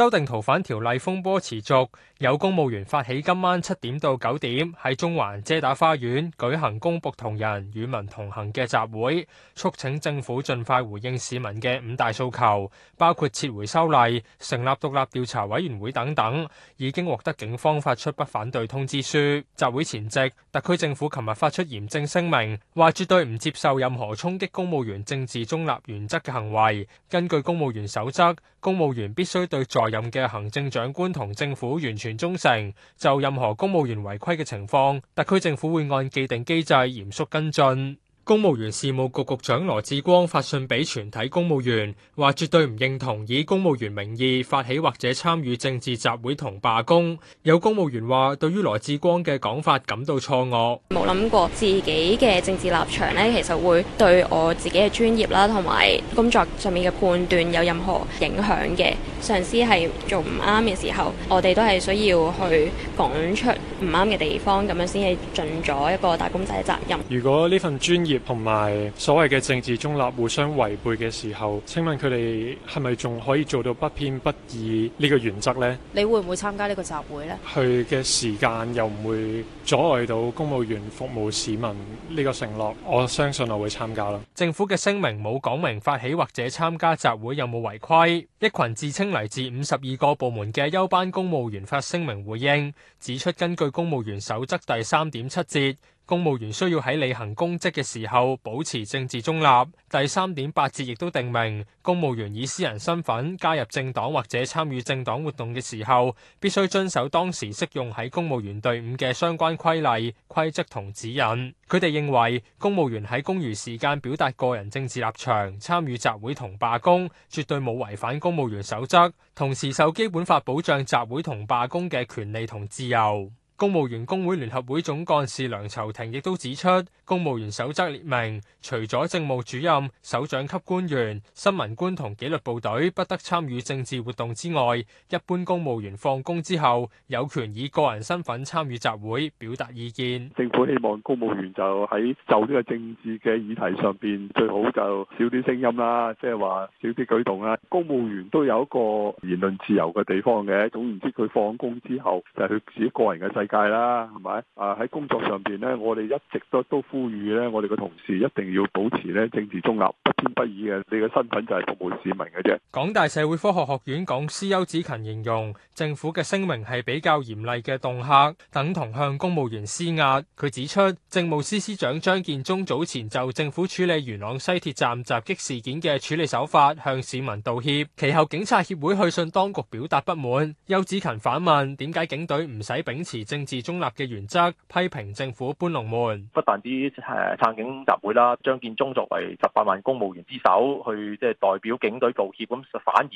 修訂逃犯條例風波持續，有公務員發起今晚七點到九點喺中環遮打花園舉行公僕同人與民同行嘅集會，促請政府盡快回應市民嘅五大訴求，包括撤回修例、成立獨立調查委員會等等。已經獲得警方發出不反對通知書。集會前夕，特區政府琴日發出嚴正聲明，話絕對唔接受任何衝擊公務員政治中立原則嘅行為。根據公務員守則，公務員必須對在任嘅行政長官同政府完全忠誠，就任何公務員違規嘅情況，特區政府會按既定機制嚴肅跟進。公務員事務局局長羅智光發信俾全體公務員，話絕對唔認同以公務員名義發起或者參與政治集會同罷工。有公務員話對於羅智光嘅講法感到錯愕，冇諗過自己嘅政治立場呢，其實會對我自己嘅專業啦，同埋工作上面嘅判斷有任何影響嘅。上司係做唔啱嘅時候，我哋都係需要去講出唔啱嘅地方，咁樣先係盡咗一個打工仔嘅責任。如果呢份專業，同埋所謂嘅政治中立互相違背嘅時候，請問佢哋係咪仲可以做到不偏不倚呢個原則呢？你會唔會參加呢個集會呢？佢嘅時間又唔會阻礙到公務員服務市民呢個承諾，我相信我會參加啦。政府嘅聲明冇講明發起或者參加集會有冇違規。一群自稱嚟自五十二個部門嘅休班公務員發聲明回應，指出根據公務員守則第三點七節。公務員需要喺履行公職嘅時候保持政治中立。第三點八節亦都定明，公務員以私人身份加入政黨或者參與政黨活動嘅時候，必須遵守當時適用喺公務員隊伍嘅相關規例、規則同指引。佢哋認為，公務員喺公餘時間表達個人政治立場、參與集會同罷工，絕對冇違反公務員守則，同時受基本法保障集會同罷工嘅權利同自由。公務員工會聯合會總幹事梁籌庭亦都指出，公務員守則列明，除咗政務主任、首長級官員、新聞官同紀律部隊不得參與政治活動之外，一般公務員放工之後，有權以個人身份參與集會表達意見。政府希望公務員就喺就呢個政治嘅議題上邊，最好就少啲聲音啦，即係話少啲舉動啦。公務員都有一個言論自由嘅地方嘅，總言之，佢放工之後就係佢自己個人嘅世界啦，係咪？啊，喺工作上邊咧，我哋一直都都呼籲咧，我哋嘅同事一定要保持咧政治中立，不偏不倚嘅。你嘅身份就係服務市民嘅啫。港大社會科學學院講師邱子勤形容政府嘅聲明係比較嚴厲嘅恫嚇，等同向公務員施壓。佢指出，政務司司長張建宗早前就政府處理元朗西鐵站襲擊事件嘅處理手法向市民道歉，其後警察協會去信當局表達不滿。邱子勤反問：點解警隊唔使秉持政？政治中立嘅原則，批評政府搬龍門，不但止誒撐警集會啦，張建宗作為十八萬公務員之首，去即係代表警隊道歉咁，就反而。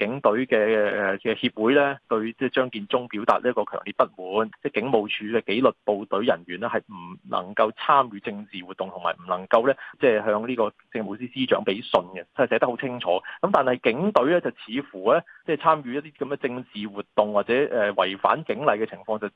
警隊嘅嘅協會咧，對即係張建宗表達呢一個強烈不滿，即係警務處嘅紀律部隊人員咧，係唔能夠參與政治活動，同埋唔能夠咧即係向呢個政務司司長俾信嘅，係寫得好清楚。咁但係警隊咧就似乎咧，即係參與一啲咁嘅政治活動或者誒違反警例嘅情況，就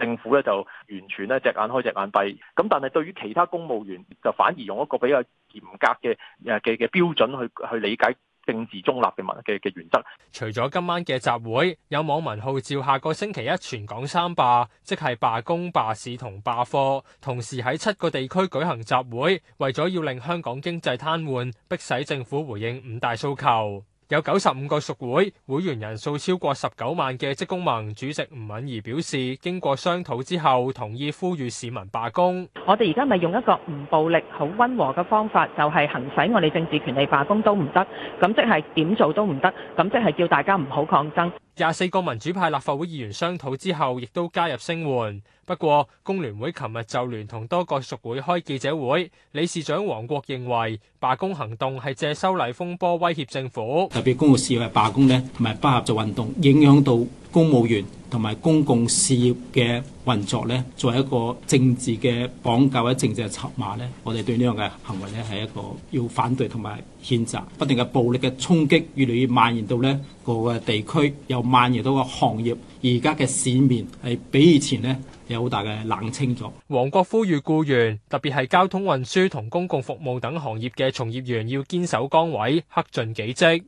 政府咧就完全咧隻眼開隻眼閉。咁但係對於其他公務員，就反而用一個比較嚴格嘅誒嘅嘅標準去去理解。政治中立嘅文嘅嘅原則，除咗今晚嘅集會，有網民號召下個星期一全港三罷，即係罷工、罷市同罷課，同時喺七個地區舉行集會，為咗要令香港經濟癱瘓，迫使政府回應五大訴求。有九十五個屬會會員人數超過十九萬嘅職工盟主席吳敏儀表示，經過商討之後，同意呼籲市民罷工。我哋而家咪用一個唔暴力、好溫和嘅方法，就係行使我哋政治權利罷工都唔得，咁即係點做都唔得，咁即係叫大家唔好抗爭。廿四個民主派立法會議員商討之後，亦都加入聲援。不過，工聯會琴日就聯同多個屬會開記者會，理事長黃國認為，罷工行動係借修例風波威脅政府，特別公務事業嘅罷工呢，同埋不合作運動，影響到公務員。同埋公共事業嘅運作呢，作為一個政治嘅綁架或者政治嘅籌碼呢，我哋對呢樣嘅行為呢，係一個要反對同埋譴責。不斷嘅暴力嘅衝擊越嚟越蔓延到呢個個地區，又蔓延到個行業，而家嘅市面係比以前呢，有好大嘅冷清咗。黃國呼籲僱員，特別係交通運輸同公共服務等行業嘅從業員，要堅守崗位，克盡己職。